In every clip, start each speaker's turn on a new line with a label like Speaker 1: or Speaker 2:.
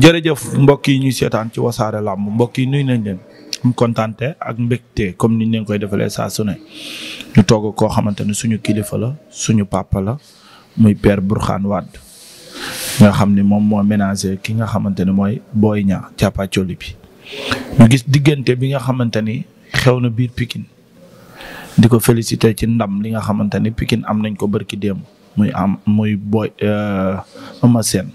Speaker 1: jërëjëf mbokk yi ñuy seetaan ci wasaare làmb mbokk yi nuyu nañ leen am kontaante ak mbégte comme niñ leen koy defalee saa su ñu togg koo xamante ne suñu kilifa la suñu pàppala la muy père Bourkhane Wade nga xam ne moom moo ménager ki nga xamante ne mooy Boy Niang càppaacoli bi ñu gis diggante bi nga xamante ni xew na biir pikin di ko féliciter ci ndam li nga xamante ni Pikine am nañ ko bërki démb muy am muy Boy euh, Eumeu Sène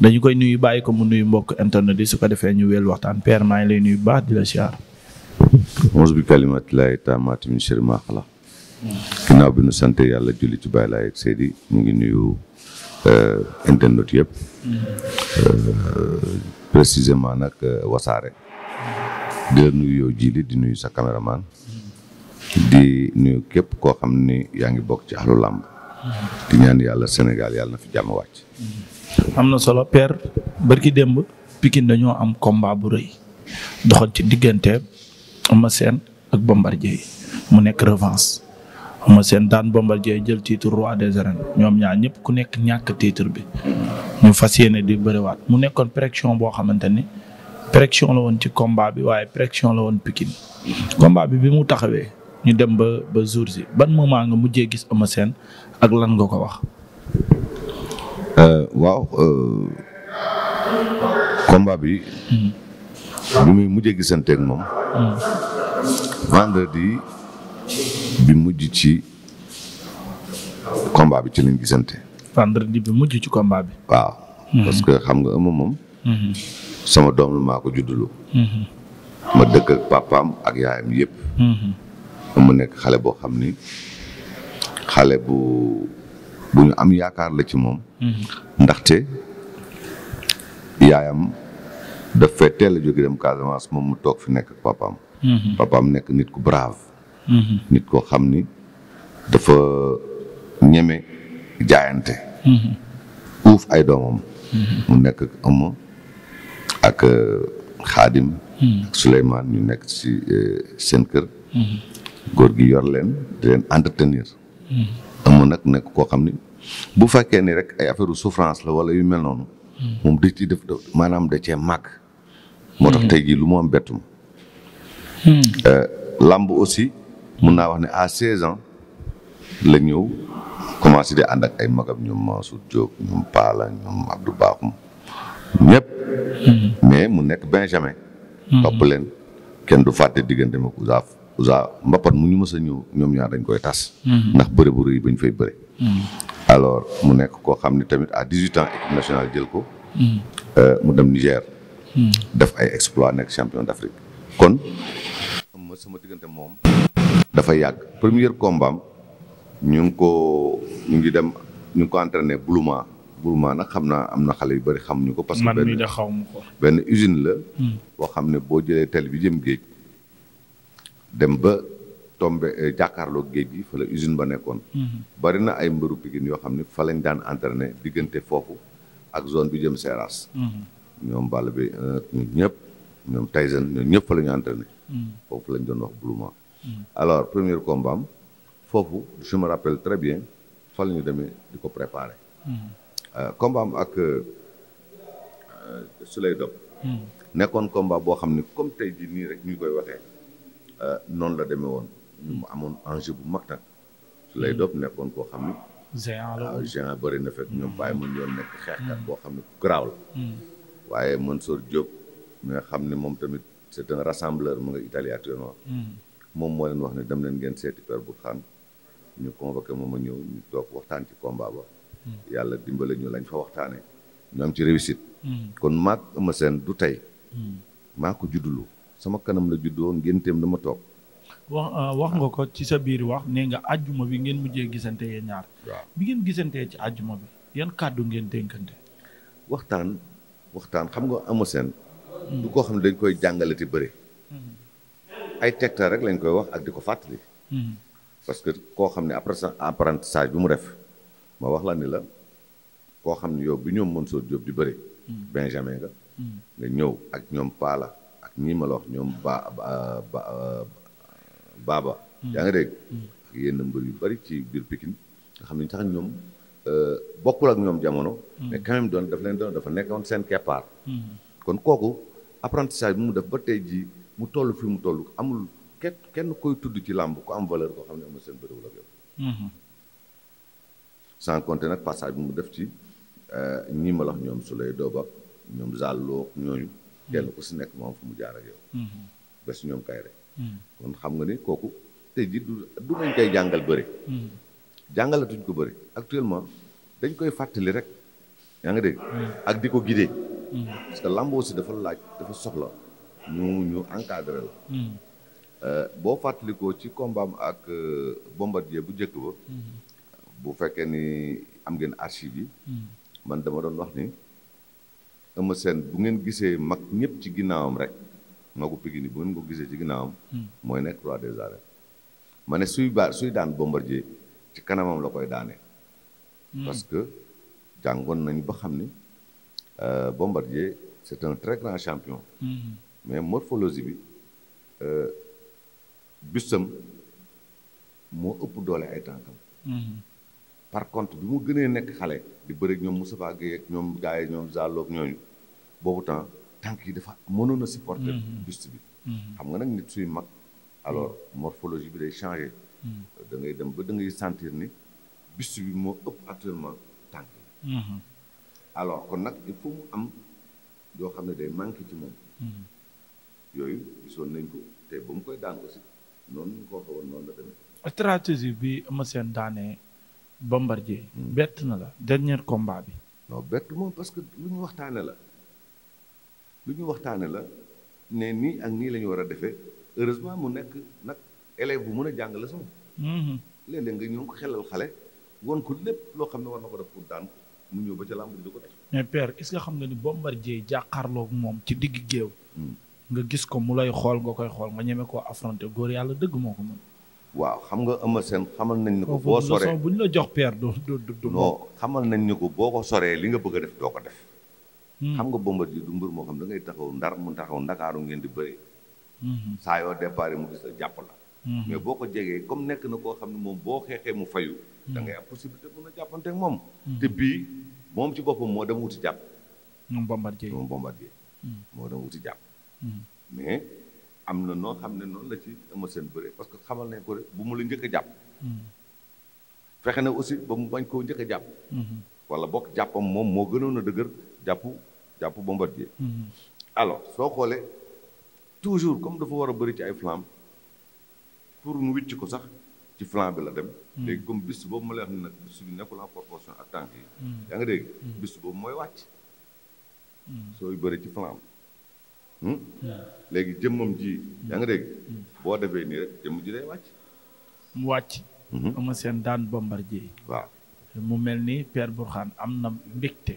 Speaker 1: dañu koy nuyu bàyyi ko mu nuyu mbokk internet yi su ko defee ñu weel waxtaan père ngi lay nuyu baax di la siyaar
Speaker 2: onze bi kalimatillahi taamaati min sharri maa xalaq ginnaaw bi nu sant yàlla julli ci bàyyi laay ak mu ngi nuyu eh, internet yëpp eh, précisément nag eh, wasaare di la nuyu yow jili di nuyu sa caméraman di nuyu képp koo xam ni yaa ngi bokk ci ahlu làmb di ñaan yàlla senegal yàlla na fi jàmm wàcc
Speaker 1: am na solo père barki démb pikin dañoo am combat bu rëy doxoon ci diggante ama Sène ak Bombardier mu nekk revance ama seen daan Bombardier jël titre roi des arènes ñoom ñaar ñëpp ku nekk ñàkk titre bi ñu fas yéene di bëriwaat mu nekkoon pression boo xamante ni pression la woon ci combat bi waaye pression la woon Pikine combat bi bi mu taxawee ñu dem ba ba jour si ban moment nga mujjee gis ama seen ak lan nga ko wax
Speaker 2: Euh, waaw euh, combat bi. bi muy mujjee moom. vendredi bi mujj ci combat bi ci gisante.
Speaker 1: vendredi bi mujj ci combat bi.
Speaker 2: waaw. Mhm. parce que xam nga ëmb moom. Mhm. sama doom la maa ko juddulu mhm. ma dëkk ak papaam ak yaayam yëpp. mu nekk xale boo xam ni xale bu. bu ñu am yaakaar la ci moom. Mm-hmm. ndaxte yaayam daf fee teel a jóge moom mu toog fi nekk ak papaam. Mm-hmm. nekk nit ku brave. Mm-hmm. nit koo xam ni dafa ñeme jaayante. uuf ay doomam. mu nekk ak Amma ak euh, Xaadim. ak Souleymane ñu nekk ci euh, seen kër. góor gi yor leen di amoon nag nekk koo xam ni bu fekkee ni rek ay affaire souffrance la wala yu mel noonu. moom da ciy def maanaam da cee màgg. moo tax hmm. tey jii lu mu am bettu ma. Hmm. Euh, aussi mun naa wax ne à saison la ñëw commencé di ànd ak ay magam ñoom Mansour Diop ñoom Paala ñoom Abdou Bakhoum ñëpp. Hmm. mais mu nekk Benjamin. topp leen kenn du fàtte diggante ma Ousaaf. ousa mbappat mu ñu mës ñëw ñoom ñaar dañ koy tas mm-hmm. ndax bëre bu ba ñu fay bëre mm-hmm. alors mu nekk koo xam ne tamit à dix huit ans équipe nationale jël ko mm-hmm. euh, mu dem Niger def ay exploit nekk champion d'Afrique kon ma sama diggante moom dafa yàgg première combat ñu ngi ko ñu ngi dem ñu ngi ko entraîné Boulouma Boulouma nag xam naa am na xale yu bari bëri ñu ko parce que benn usine la boo xam ne boo jëlee télé bi jëm géej dem ba tombe eh, jàkkaarloo géej gi fa la usine ba nekkoon. Mhm. bari na ay mbëru Pikine yoo xam ne fa lañ daan entraîné diggante foofu ak zone bi jëm Seras. Mhm. ñoom Balla bi euh, ñëpp ñoom Tyson ñoom ñëpp fa la ñu mhm. foofu lañ doon wax Blouma. alors premier combat am foofu je me rappelle très bien fa la ñu demee di ko préparé. Euh, combat am ak euh, Souley Dop. nekkoon combat boo xam ne comme tey jii nii rek ñu koy waxee. Euh, noonu la demee woon mu amoon enjeu bu mag nag su lay dop nekkoon koo xam ni waaw géant na fekk ñoom bàyyi mun yoon nekk xeexkat mm. boo xam ne ku la mm. waaye Mansour soo mi nga xam ni moom tamit c'est un rassembleur mu nga Italie actuellement mm. moom moo leen wax ne dem leen ngeen seeti Père Bourkhane ñu convoqué moom a ñëw ñu toog waxtaan ci combat ba yàlla dimbale ñu lañ fa waxtaanee ñu am ci réussite kon maak Eumeu Sène du tey maa ko juddulu sama kanam la juddoo ngénteem dama toog.
Speaker 1: wax ah, wax nga ko ci sa biir wax nee nga àjjuma bi ngeen mujjee gisante yee ñaar. waaw bi ngeen gisantee ci àjjuma bi yan kàddu ngeen dénkante.
Speaker 2: waxtaan waxtaan xam nga Eumeu Sène. Hmm. du ko xam ne dañ koy jàngale te bëri. Hmm. ay tegtal rek lañ koy wax ak di ko fàttali. Hmm. parce que koo xam ne après apprentissage bi mu def ma wax la ni la koo xam ne yow bi ñoom Mansour Diop di bëri. Benjamin nga. nga ñëw ak ñoom Paala. ak ñii ñoom ba ba baaba hmm. yaa ngi dégg hmm. yenn mbër yu bari ci biir Pikine nga xam ne sax ñoom euh, bokkul ak ñoom jamono hmm. mais quand doon dafa leen doon dafa nekkoon seen keppaar kon kooku apprentissage bi mu def ba tey jii mu toll fi mu toll amul kenn kenn koy tudd ci làmb ku am valeur koo xam ne amul seen bëriwul ak yow sans compter nag passage bi mu def ci euh, ñii ma la wax ñoom Souley Doob ak ñoom Zallo ñooñu kenn ku si nekk mu fu mu jaar ak yow. Mm-hmm. ba si ñoom kay rek. Mm-hmm. kon xam nga ni kooku tey jii du du nañ koy jàngal bëri. Mm-hmm. jàngalatuñ ko bëri actuellement dañ koy fàttali rek yaa nga dégg. ak di ko guider. parce que dafa laaj dafa soxla ñu ñu encadré la. Euh, boo fàttalikoo ci kombaam ak euh, bombardier bu njëkk ba. bu fekkee ni am ngeen archive yi. man dama doon wax ni. Eumeu Sène bu ngeen gisee mag ñëpp ci ginnaawam rek magu Pikine bu ngeen ko gisee ci ginnaawam. Hmm. mooy nekk roi des arènes. ma ne suy ba suy daan Bombardier ci kanamam la koy daanee. Hmm. parce que jàngoon nañ ba xam ni euh, Bombardier c'est un très grand champion. Hmm. mais morphologie bi euh, busam moo ëpp doole ay tànkam. par contre bi mu gënee nekk xale di bëri ñoom Moustapha Guèye ak ñoom gars yi ñoom Zalo ak boobu temps tànk yi dafa mënoon a supporter mm-hmm. buste bi mm-hmm. xam nga nag nit suy mag alors mm-hmm. morphologie bi day changé da ngay dem ba dangay ngay sentir ni buste bi moo ëpp actuellement tànk yi alors kon nag il faut mu am yoo xam ne day manqué ci moom yooyu gisoon nañ ko te ba mu koy daan aussi noonu ñu ko waxee woon noonu la demee
Speaker 1: stratégie bi ma seen daanee Bombardier hmm. bett na la dernier combat bi.
Speaker 2: non bett moom parce que lu ñu waxtaane la lu ñu waxtaane la ne nii ak nii lañu war a defee heureusement mu nekk nag élève bu mën a jàng la sama. léeg nga ñëw ko xelal xale woon ko lépp loo xam ne war na ko def pour daan mu ñëw ba ca làmb di ko def.
Speaker 1: mais père est-ce que xam nga ni Bombardier jàkkaarloog moom ci digg géew. Hmm. nga gis ko mu lay xool nga koy xool nga ñeme koo affronter góor yàlla dëgg moo ko mën.
Speaker 2: waaw xam nga Eumeu Sène xamal nañ ni ko boo soree
Speaker 1: bu ñu la jox père doo du
Speaker 2: xamal nañ ni ko boo ko soree li nga bëgg a def doo ko def hmm. xam nga Bombardier du mbër moo xam da ngay taxaw ndar mu taxaw ndakaaru ngeen di bëree hmm. saa yoo départ mu jàpp la hmm. mais boo ko jegee comme nekk na koo xam ne moom boo xeexee mu fayu da ngay am possibilité mën a moom te moom ci boppam moo dem wuti jàpp moom Bombardier moom Bombardier moo dem wuti jàpp mais am na noo xam ne noonu la ci Eumeu Sène bëree parce que xamal nañ ko rek bu mu la njëkk jàpp. Hmm. fexe na aussi ba mu bañ koo njëkk jàpp. Hmm. wala bokk jàppam moom moo gënoon a dëgër jàpp jàpp Bombardier. Hmm. alors soo xoolee toujours comme dafa war a bëri ci ay flammes pour mu wicc ko sax ci flamme bi la dem. léegi comme bis boobu ma la wax ne nag bis bi nekkul en proportion ak tànk yi. yaa nga dégg bis boobu mooy wàcc. sooy bëri ci flamme. Hmm? léegi jëmmam ji. Hmm. yaa ngi dégg. boo defee nii rek jëmm ji day wàcc.
Speaker 1: mu wàcc. Hmm. ama seen daan bombardier. waaw mu mel ni Père Bourkhane am na mbégte.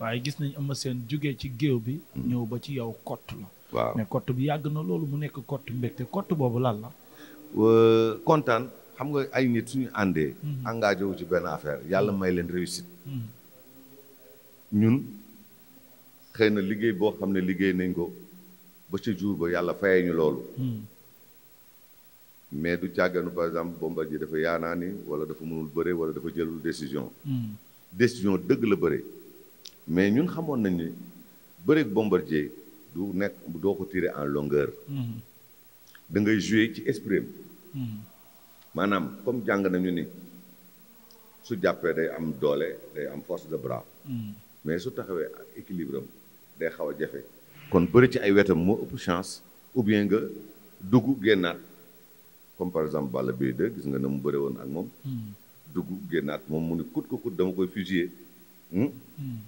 Speaker 1: waaye gis nañ ama seen jugee ci géew bi. ñëw ba ci yow cot la. waaw mais kott bi yàgg na loolu mu nekk cot mbégte kott boobu lan la.
Speaker 2: kontaan xam nga ay nit suñu àndee. engagé wu ci benn affaire yàlla may leen réussite. ñun. xëy na liggéey boo xam ne liggéey nañ ko ba ci jour ba yàlla fayee ñu loolu hmm. mais du càgganu par exemple Bombardier dafa yaanaa ni wala dafa mënul bëre wala dafa jëlul décision hmm. décision dëgg la bëre mais ñun xamoon nañ ni bëreeg Bombardier du nekk doo ko tirer en longueur hmm. da ngay jouer ci esprit maanaam comme jàng nañu ni su jàppee day am doole day am force de bras mais su taxawee équilibre am day xaw a jafe kon bëri ci ay wetam moo ëpp chance ou bien nga dugg génnaat comme par exemple Balla Gaye 2 gis nga ne mu bëri woon ak moom hmm. dugg génnaat moom mu ni kut ko kut dama koy fusiller hmm? Hmm.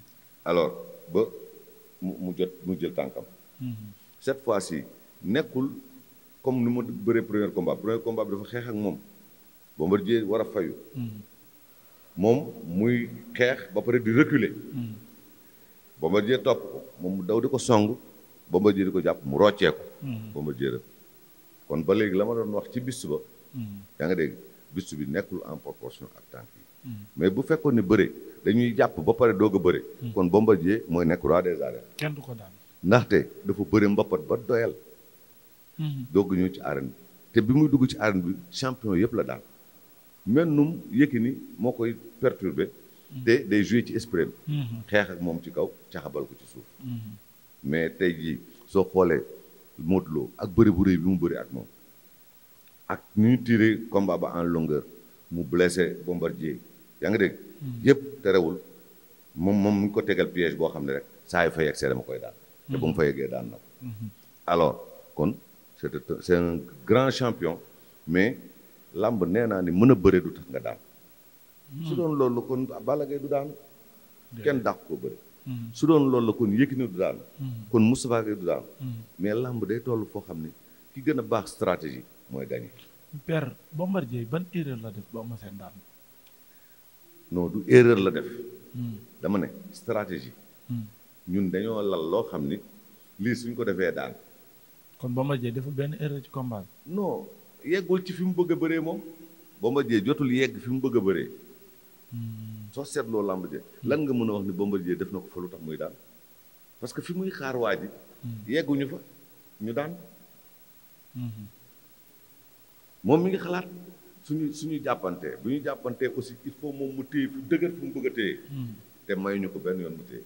Speaker 2: alors ba mu jot mu jël tànkam cette fois si nekkul comme ni ma bëree premier combat premier combat bi dafa xeex ak moom Bombardier war a fayu moom muy xeex ba pare di reculer Bombardier topp ko moom mu daw di ko song Bombardier di ko jàpp mu roccee ko mm-hmm. Bombardier kon ba léegi la ma doon wax ci bistu ba mm-hmm. yaa nga dégg bistu bi nekkul en proportion ak tànk yi mm-hmm. mais bu fekkoon ne bëre dañuy jàpp ba pare doog a bëre kon Bombardier mooy nekk roi des arènes
Speaker 3: kenn
Speaker 1: du ko daan
Speaker 2: ndaxte dafa bëre mbappat ba doyal doog ñëw ci arène bi te bi muy dugg ci arène bi champion yëpp la daal mel num ni moo koy perturbe te day joué ci esprit mm-hmm. xeex ak moom ci kaw caxabal ko ci suuf. Mm-hmm. mais tey jii soo xoolee Modou ak bëri bu rëy bi mu bëri ak moom ak ñu tiré combat ba en longueur mu blessé bombardier yaa ngi dégg. Mm-hmm. yëpp terewul moom moom mu ngi ko tegal piège boo xam ne rek saa yu fa yegsee dama koy daan. te ba mu fa yeggee daan na ko. kon c'est c'est un grand champion mais làmb nee naa ni mën a bëre du tax nga daan. su doon loolu la kon Balla Gaye du daanu. kenn dàq ko bëri. Mm-hmm. su doon loolu la kon Yékini du daanu. Mm-hmm. kon Moustapha du daanu. Mm-hmm. mais làmb day toll foo xam ne ki gën a baax stratégie mooy gagné.
Speaker 1: Père Bombardier ban erreur la def ba Eumeu Sène
Speaker 2: du erreur la def. Mm. dama ne stratégie. Mm. ñun dañoo lal loo xam ni lii suñ ko defee daan.
Speaker 1: kon Bombardier deful benn erreur ci combat
Speaker 2: non yeggul ci fi mu bëgg a bëree moom. Bombardier jotul yegg fi mu bëgg a bëree. soo seetloo làmb je lan nga mën a wax ni Bombardier def na ko fa lu tax muy daan parce que fi muy xaar waa ji yegguñu fa ñu daan moom mi ngi xalaat suñu suñu jàppante bu ñu jàppante aussi il faut moom mu téye fu dëgër fu mu bëgg a téye mm. te mayuñu ko benn yoon mu téye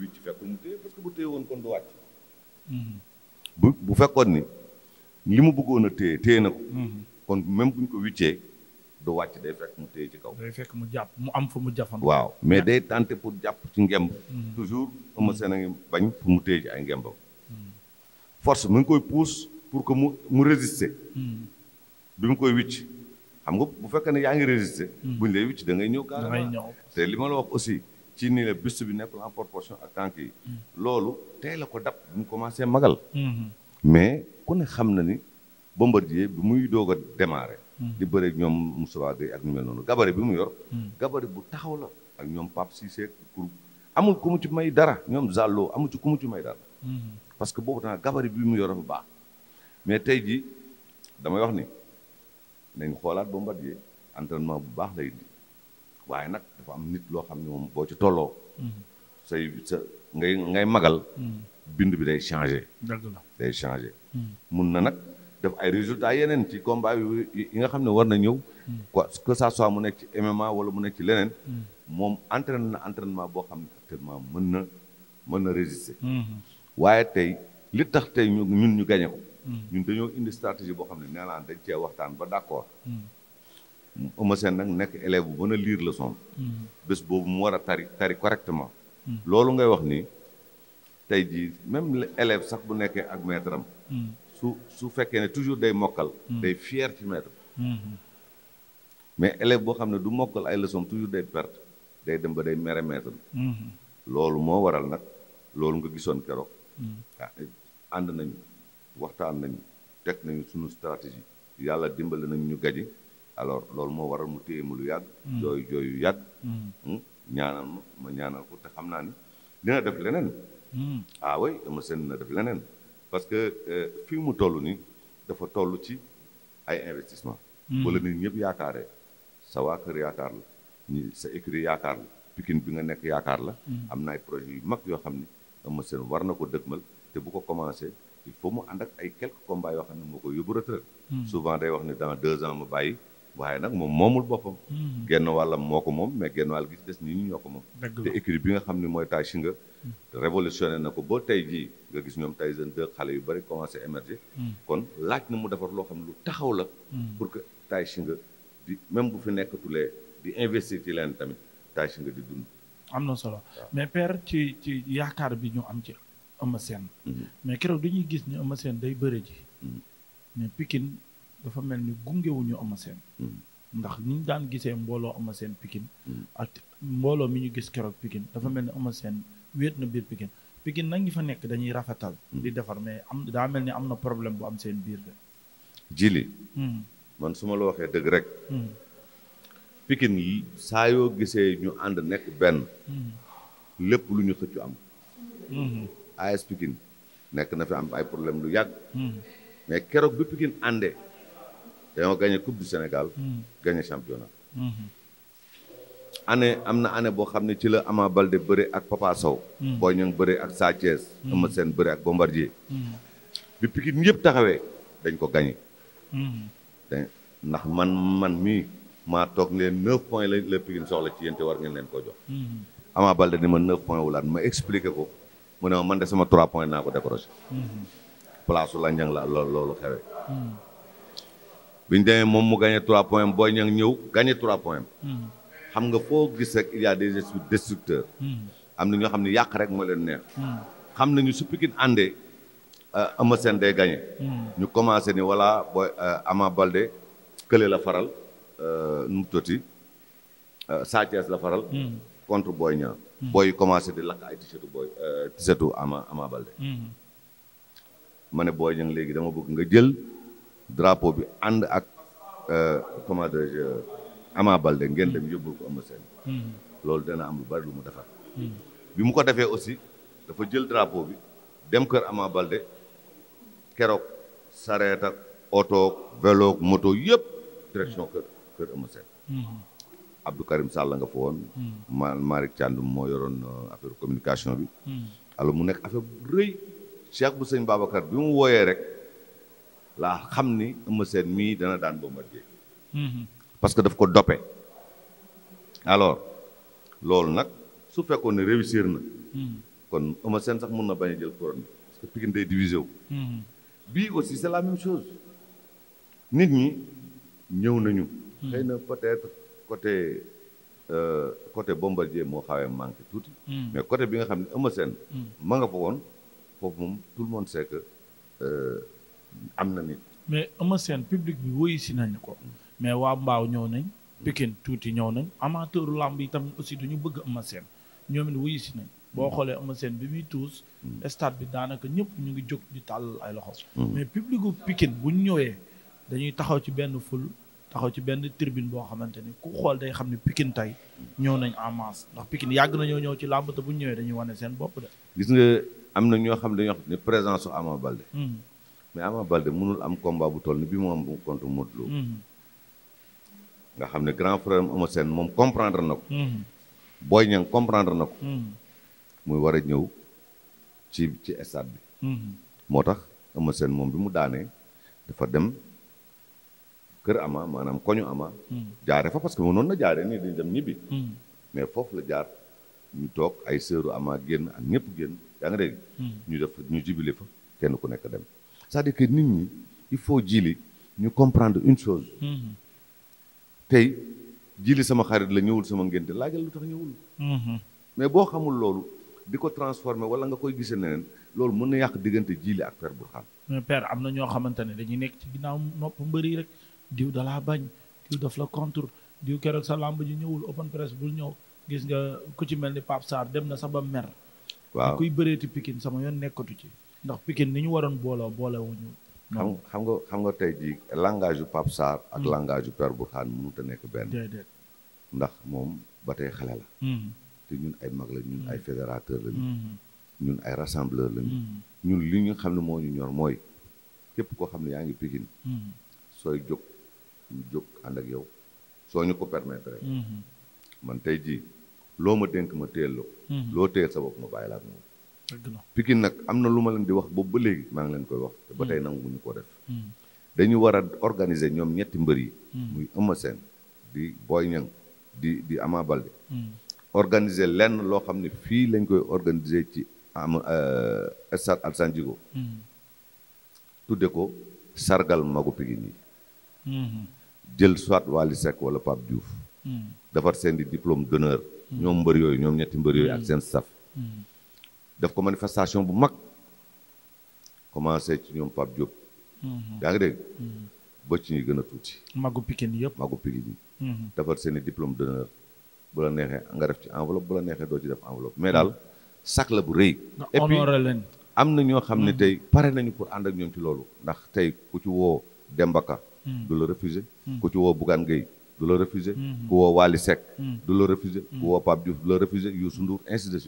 Speaker 2: wicc mm. fekkul mu téye parce bu téye woon kon du wàcc mm. bu bu fekkoon ni li mu bëggoon a téye téye na ko mm-hmm. kon même buñ ko wiccee du wàcc day fekk mu téye ci kaw.
Speaker 1: mu jàpp mu am fu mu jàppandu. waaw mais day tenté pour jàpp ci ngemb.
Speaker 2: Mm-hmm. toujours Eumeu mm-hmm. Sène a ngi bañ fu mu téye ci ay ngembam. Mm-hmm. force mu ngi koy pousse pour que mu mu résister. bi mu koy wicc xam nga bu fekkee ne yaa ngi résister. buñ lay da ngay ñëw carrément te li ma la wax aussi ci ni la bés bi nekk en proportion ak tànk yi. loolu tey la ko dab bu mu commencé magal. mais ku ne xam na ni Bombardier bi muy doog a Hmm. di bëreeg ñoom Moustapha Gueye ak ñu noonu gabari bi mu yor hmm. gabari bu taxaw la ak ñoom Pape Cissé pour amul ku mu ci may dara ñoom Zallo amul ci ku ci may dara hmm. parce que boobu temps gabari bi mu yor dafa baax mais tey ji damay yox ni nañ xoolaat Bombardier entraînement bu baax lay indi waaye nag dafa am nit loo xam ne moom boo ci tolloo say sa ngay ngay magal bind bi day changé dëgg la mun na nag def ay résultats yeneen ci combat yi nga xam ne war na ñëw. Hmm. quoi que ça soit mu nekk ci MMA wala mu nekk ci leneen. Hmm. moom entraîné na entraînement boo xam ne actuellement mën na mën na résister. Hmm. waaye tey li tax tey ñu ñu gañe ko. ñun dañoo indi stratégie boo xam ne nee naa dañ cee waxtaan ba d' accord. Eumeu seen nag nekk élève bu mën a lire leçon. bés boobu mu war a tari tari correctement. loolu ngay wax ni tey jii même élève sax bu nekkee ak maître am. su su fekkee ne toujours day mokkal. Hmm. day fier ci maître hmm, hmm. mais élève boo xam ne du mokkal ay leçon toujours day perte day dem ba day mere maître loolu moo waral nag loolu nga gisoon keroog. Ah, ànd nañu waxtaan nañu teg nañu suñu stratégie yàlla dimbali nañ ñu gaji alors loolu moo waral mu téye mu lu yàgg. jooy yu yàgg. ñaanal ma ma ñaanal ko te xam naa ni dina def leneen. ah oui Eumeu Sène dina def leneen. parce que euh, fii mu toll nii dafa toll ci ay investissement hmm. wala nit ñëpp yaakaaree sa waa kër yaakaar la ñi sa écrit yaakaar la Pikine bi nga nekk yaakaar la hmm. am na ay projets yu mag yoo xam ne Eumeu Sène war na ko dëgmal te bu ko commencé il faut mu ànd ak ay quelques combats yoo xam ne moo ko yóbbu retraite hmm. souvent day wax ne dans deux ans mu bàyyi waaye nag moom moomul boppam genn wàllam moo ko moom mais genn wàll gi ci des nit ñi ñoo ko moom te écrit bi nga xam ne mooy tàcc nga révolutionné na ko ba tey jii nga gis ñoom Tyson 2 xale yu bëri commencé émerger mm. kon laaj na mu defar loo xam lu taxaw la mm. pour que Tay Shinga di même bu fi nekkatulee di investir ci leen tamit Tay di dund
Speaker 1: am na solo mais père ci ci yaakaar bi ñu am ci Eumeu Sène mm-hmm. mais keroog dañuy gis ne Eumeu Sène day bëre ji mm-hmm. mais Pikine dafa mel ni gungewuñu Eumeu Sène mm-hmm. ndax ni daan gisee mbooloo Eumeu Sène pikin ak mbooloo mi ñu gis keroog Pikine dafa mel ni Eumeu Sène wéet na biir Pikine Pikine nag ñi fa nekk dañuy rafetal. Hmm. di defar mais am daa mel ni am na problème bu am seen biir de.
Speaker 2: jili hmm. man su ma la waxee dëgg rek. Hmm. Pikine yi saa yoo gisee ñu ànd nekk benn. lépp lu ñu xëccu am. AS Pikine nekk na fi am ay problème lu yàgg. mais keroog bi Pikine àndee dañoo gagné coupe du Sénégal. gagné championnat. année am na année boo xam ne ci la Ama Baldé bëre ak Papa Sow. Hmm. Boy Niang bëre ak Sa Thiès. seen hmm. Sène bëre ak Bombardier. Hmm. bi Pikine yëpp taxawee dañ ko gagné. ndax man man mii ma toog leen neuf point la la Pikine soxla ci yéen te war ngeen leen koo jox. Ama Baldé ma neuf points wulaat ma expliqué ko mu ne ma man de sama trois points naa ko décroché. place la njang la loolu loolu xewee. biñ demee moom mu gagné trois points Boy ñëw gagné trois xam nga foo gis rek il y a des hmm. am na ñoo xam ne yàq rek moo leen neex. Hmm. xam nañu su Pikine àndee euh, Eumeu Sène day gagné. Hmm. ñu commencé ni wala booy euh, Ama Baldé kële la faral euh, nu mu toti Sa Thiès la faral. contre Boy Niang. Boy yi commencé di lakk ay t Boy t Ama Ama ma ne Boy Niang léegi dama bëgg nga jël drapeau bi ànd ak comment Ama Baldé ngeen hmm. dem yóbbul ko Eumeu Sène hmm. loolu dana am lu bari lu mu defar hmm. bi mu ko defee aussi dafa jël drapeau bi dem kër Ama Baldé keroog sareet ak oto moto yëpp direction kër kër Eumeu Sène Abdou Karim Sall nga fa woon ma Malick moo yoroon euh, affaire communication bi alors mu nekk affaire bu rëy Cheikh bu sëñ Babacar bi mu wooyee rek laa xam ni Eumeu Sène mii dana daan Bombardier parce que daf ko dope alors loolu nag su fekkoon ne réussir na. Hmm. kon Eumeu Sène sax mun na bañ a jël couronne bi parce que Pikine day divisé wu. Hmm. bii aussi c'est la même chose nit ñi ñëw nañu. Hmm. xëy na peut-être côté euh, côté bombardier moo xawee manqué tuuti. mais côté bi nga xam ne Eumeu Sène. ma nga fa woon foofu moom tout le monde euh, am na nit.
Speaker 1: mais Eumeu Sène public bi woyu si nañu ko. mais waa Mbaaw ñëw nañ Pikine tuuti ñëw nañ amanteur làmb yi tam aussi dañu bëgg Eumeu Sène ñoom it wuyu si nañ boo xoolee Eumeu Sène bi muy tuus mm. stade bi daanaka ñëpp ñu ngi jóg di tàll ay loxo mm. mais public bu Pikine bu ñu ñëwee dañuy taxaw ci benn ful taxaw ci benn tribune boo xamante ni ku xool day xam ne Pikine tey ñëw nañ en masse ndax Pikine yàgg nañoo ñëw ci làmb te bu ñu ñëwee dañuy wane seen bopp de
Speaker 2: gis nga am na ñoo xam ne dañuy wax ne présence su Ama Baldé mm. mais Ama Baldé am combat bu toll ni bi nga xam ne grand frère Eumeu Sène moom comprendre na ko. Hmm. Boy Niang comprendre na ko. Hmm. muy war a ñëw ci ci bi. Hmm. moo tax Eumeu Sène moom bi mu daanee dafa dem kër ama maanaam koñu ama. jaare fa parce que mënoon na jaaree nii dañ dem ñibbi. mais foofu la jaar ñu toog ay sëru ama génn ak ñëpp génn yaa ngi dégg. ñu jibile fa kenn ku nekk dem c'est-à-dire que nit ñi il faut jili ñu comprendre une chose. tey jili sama xarit la ñëwul sama ngénte laajal lu tax ñëwul mm-hmm. mais boo xamul loolu di ko transformé wala nga koy gisee neneen loolu mën na yàq diggante jili ak père xam
Speaker 1: mais per am na ñoo xamante ne dañuy nekk ci ginnaaw nopp mbëri rek diw dalaa bañ diw daf la contre diw keroog sa làmb ji ñëwul open press bul ñëw gis nga ku ci mel ni Pape Sarr dem na sax ba mer waaw kuy bëreeti Pikine sama yoon nekkatu ci ndax Pikine ni ñu waroon booloo boolewuñu xam hmm.
Speaker 2: xam nga xam nga tey jii langage yu Pape Sarr ak hmm. langage yu Père Bourkhane mënut a nekk benn ndax moom ba tey xale la hmm. te ñun ay mag lañ ñun ay fédérateur lañu ñun ay rassembleur lañu ñun li ñu xam ne moo ñu ñor mooy képp koo xam ne yaa ngi Pikine sooy jóg ñu jóg ànd ak yow soo ñu ko permettre man tey jii loo ma dénk ma téel la loo téyel sa bopp ma bàyyi la moom Pikine nag am na lu ma leen di wax boobu ba léegi maa ngi leen koy wax te ba tey hmm. nanguñu koo def hmm. dañu war a organiser ñoom ñetti mbër yi hmm. muy Eumeu Sène di Boy Niang di di Ama Baldé lenn loo xam ne fii lañ koy organiser ci am euh, stade Alassane Djigo tudde ko sargal magu Pikine yi jël soit Wally Seck wala Pape Diouf defar seen di diplôme d'honneur ñoom mbër yooyu ñoom ñetti mbër yooyu ak seen staff def ko manifestation bu mag commencé ci ñoom Pape Diop. Mhm. yaa ngi dégg. Mhm. ba ci ñi gën a tuuti. magu Pikine yëpp magu Pikine yi. Mhm. defar seen i diplôme bu la neexee nga def ci enveloppe bu la neexee doo ci def enveloppe mais daal sac la bu rëy. et puis am na ñoo xam ne tey pare nañu pour ànd ak ñoom ci loolu ndax tey ku ci woo Demba Ka du la refuser. ku ci woo Bougane Gueye du la refuser. ku woo Wally Seck. du la refuser. ku woo Pape Diouf du la refuser Youssou Ndour ainsi de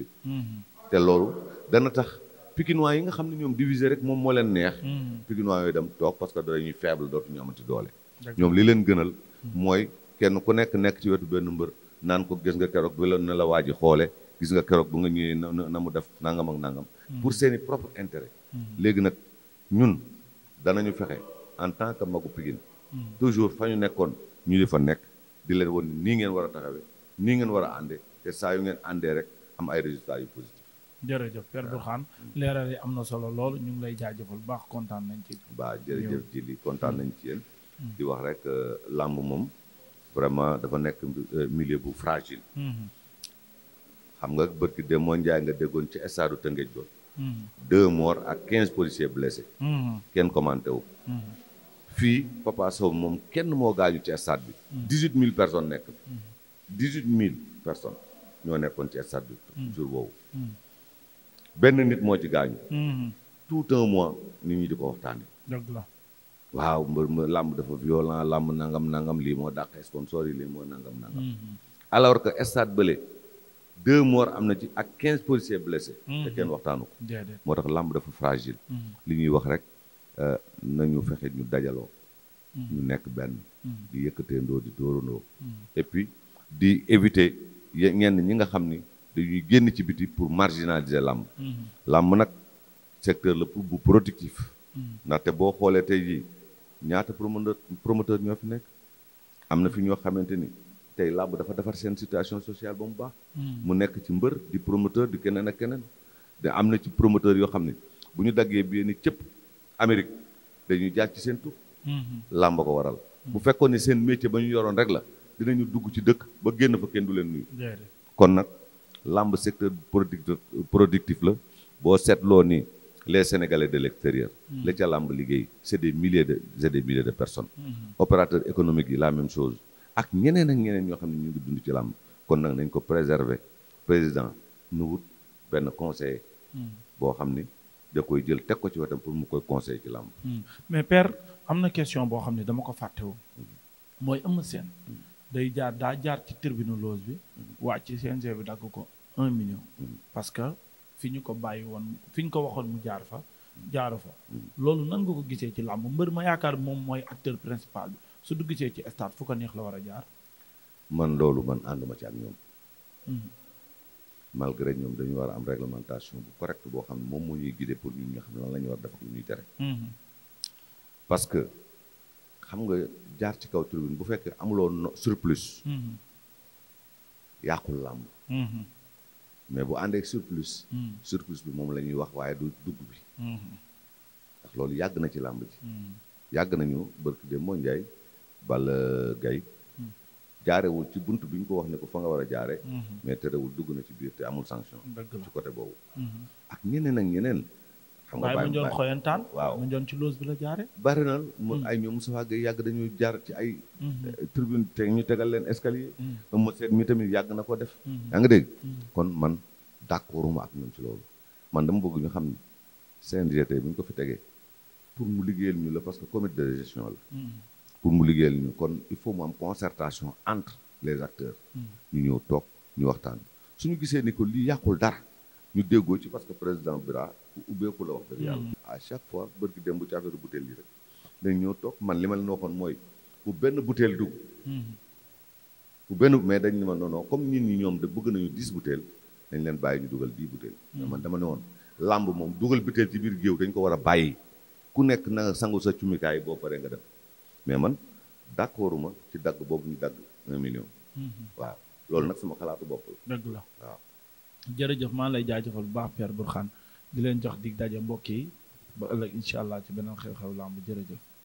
Speaker 2: te loolu dana tax pikinois yi nga xam ne ñoom diviser rek moom moo leen neex. Hmm. pikinois yooyu dem toog parce que dañuy faible dootuñu amati doole. ñoom li leen gënal. Hmm. mooy kenn ku nekk nekk ci wetu benn mbër naan ko gis nga keroog bi la na la waaj a xoole gis nga keroog bu nga ñëwee na mu def nangam ak nangam. Hmm. pour seeni propre intérêt. léegi nag ñun danañu fexe en tant que magu Pikine. toujours fa ñu nekkoon ñu di fa nekk di leen won nii ngeen war a taxawee nii ngeen war a àndee te saa yu ngeen àndee rek am ay résultats yu positif.
Speaker 1: jërëjëf Père Bourkhane leeral yi am na solo loolu ñu ngi lay jaajëfal bu baax kontaan nañ ci. waaw jërëjëf ci
Speaker 2: li kontaan nañ ci yéen. Mm-hmm. di wax rek euh, làmb moom vraiment dafa nekk euh, milieu bu fragile. Mm-hmm. xam nga bërki de moo njaay nga déggoon ci stade Tëngéej ba. Mm-hmm. deux morts ak quinze policiers blessés. kenn commenté wu. fii Papa Sow moom kenn moo gaañu ci stade bi. dix huit mille personnes nekk. dix huit mille personnes ñoo nekkoon ci stade bi. jour boobu. benn nit moo ci gaañu. Mm-hmm. tout un mois nit ñi di ko waxtaanee. dëgg waaw mbër làmb dafa violent làmb nangam nangam lii moo dàq sponsor yi lii moo nangam nangam. Mm-hmm. alors que stade bële deux morts am na ci ak quinze policiers blessés. te mm-hmm. kenn waxtaanu ko. moo tax làmb dafa fragile. li ñuy wax rek euh, nañu fexe ñu dajaloo. ñu nekk benn. di yëkkateendoo di dóorandoo. et puis di éviter ñenn ñi nga xam ni. dañuy génn ci biti pour marginaliser làmb mm-hmm. làmb nag secteur la bu productif mm-hmm. ndaxte boo xoolee tey jii ñaata promoteur promoteur ñoo fi nekk am na fi ñoo xamante ni tey làmb dafa defar seen situation sociale ba mu baax mm-hmm. mu nekk ci mbër di promoteur di keneen ak keneen te am na ci promoteur yoo xam ne bu ñu daggee bii ni cëpp amerique dañuy jaar ci seen tur làmb ko waral bu fekkoon ne seen métier ba ñu yoroon rek la dinañu dugg ci dëkk ba génn fa kenn du leen làmb secteur productif productif la boo loo ni les sénégalais de l'extérieur hmm. la ca làmb liggéey c'est des milliers de c'est des milliers de personnes hmm. opérateurs économiques yi la même chose ak ñeneen ak ñeneen ñoo xam ne ñu ngi dund ci làmb kon nag nañ ko préserver président nu wut benn conseil hmm. boo xam ni da koy jël teg ko ci wetam pour mu koy conseiller ci làmb
Speaker 1: mais père am na question boo xam ne dama ko fàttewu mooy Eumeu Sène day jaar daa jaar ci tribunal bi wàcc ci CNG bi dagg ko un parce que fi ñu ko bàyyi woon fi ñu ko waxoon mu jaar fa jaaru fa. loolu nan nga ko gisee ci làmb mbër ma yaakaar moom mooy acteur principal bi su du gisee ci stade fu ko neex la war a jaar.
Speaker 2: man loolu man ànduma ci ak ñoom. Hmm. malgré ñoom dañu war am réglementation bu correct boo xam ne moom moo ñuy guider pour ñun nga xam ne lan la ñu war def ak lu ñuy tere. Hmm. parce que xam nga jaar ci kaw tribune bu fekkee amuloo surplus. Hmm. yàqul làmb. mais bu ànd ak surplus. Hmm. surplus bi moom lañuy wax waaye du dugg bi. Hmm. ndax loolu yàgg na ci làmb ji. Hmm. yàgg nañu barki de moo Ndiaye Balla Gaye jaarewul ci bunt bi ñu ko wax ne ko fa nga war a jaare mais terewul dugg na ci biir te amul sanction. ci côté boobu. ak ñeneen ak ñeneen. xam nga bàyyi mu
Speaker 1: doon waaw mu doon ci loos bi la jaare bari na
Speaker 2: mu hmm. ay ñoom Moustapha Gueye yàgg dañuy jaar ci ay hmm. eh, tribune te ñu tegal leen escalier ma hmm. seet mi tamit yàgg na ko def yaa ngi dégg kon man d'accorduma ak ñoom ci loolu man dama bëgg ñu xam ne seen tey bu ñu ko fi tegee pour mu liggéeyal ñu la parce que comité de gestion la pour mu liggéeyal ñu kon il faut mu am concertation entre les acteurs ñu ñëw toog ñu waxtaan su ñu gisee ni ko lii yàqul dara ñu déggoo ci parce que président Bira ku ubbeeku la wax dëgg yàlla mm. à chaque fois bërki dem bu ci affaire butéel yi rek dañ ñoo toog man li ma leen waxoon mooy bu benn butéel dugg mm-hmm. bu benn mais dañ ne ma non non comme ñun ñi ñoom de bëgg nañu dix butéel dañ leen bàyyi ñu dugal dix butéel mm. man dama ne woon làmb moom dugal butéel ci biir géew dañ ko war a bàyyi ku nekk na nga sangu sa cumikaay boo paree nga dem mais man d'accorduma ci dagg boobu ñu dagg un million mm-hmm. waaw loolu nag sama xalaatu bopp
Speaker 1: la dëgg la waaw jërëjëf maa lay jaajëfal bu baax Père Bourkhane di leen jox dig daje mbokk yi ba ëllëg incha allah ci beneen xew-xew làmb jërëjëf.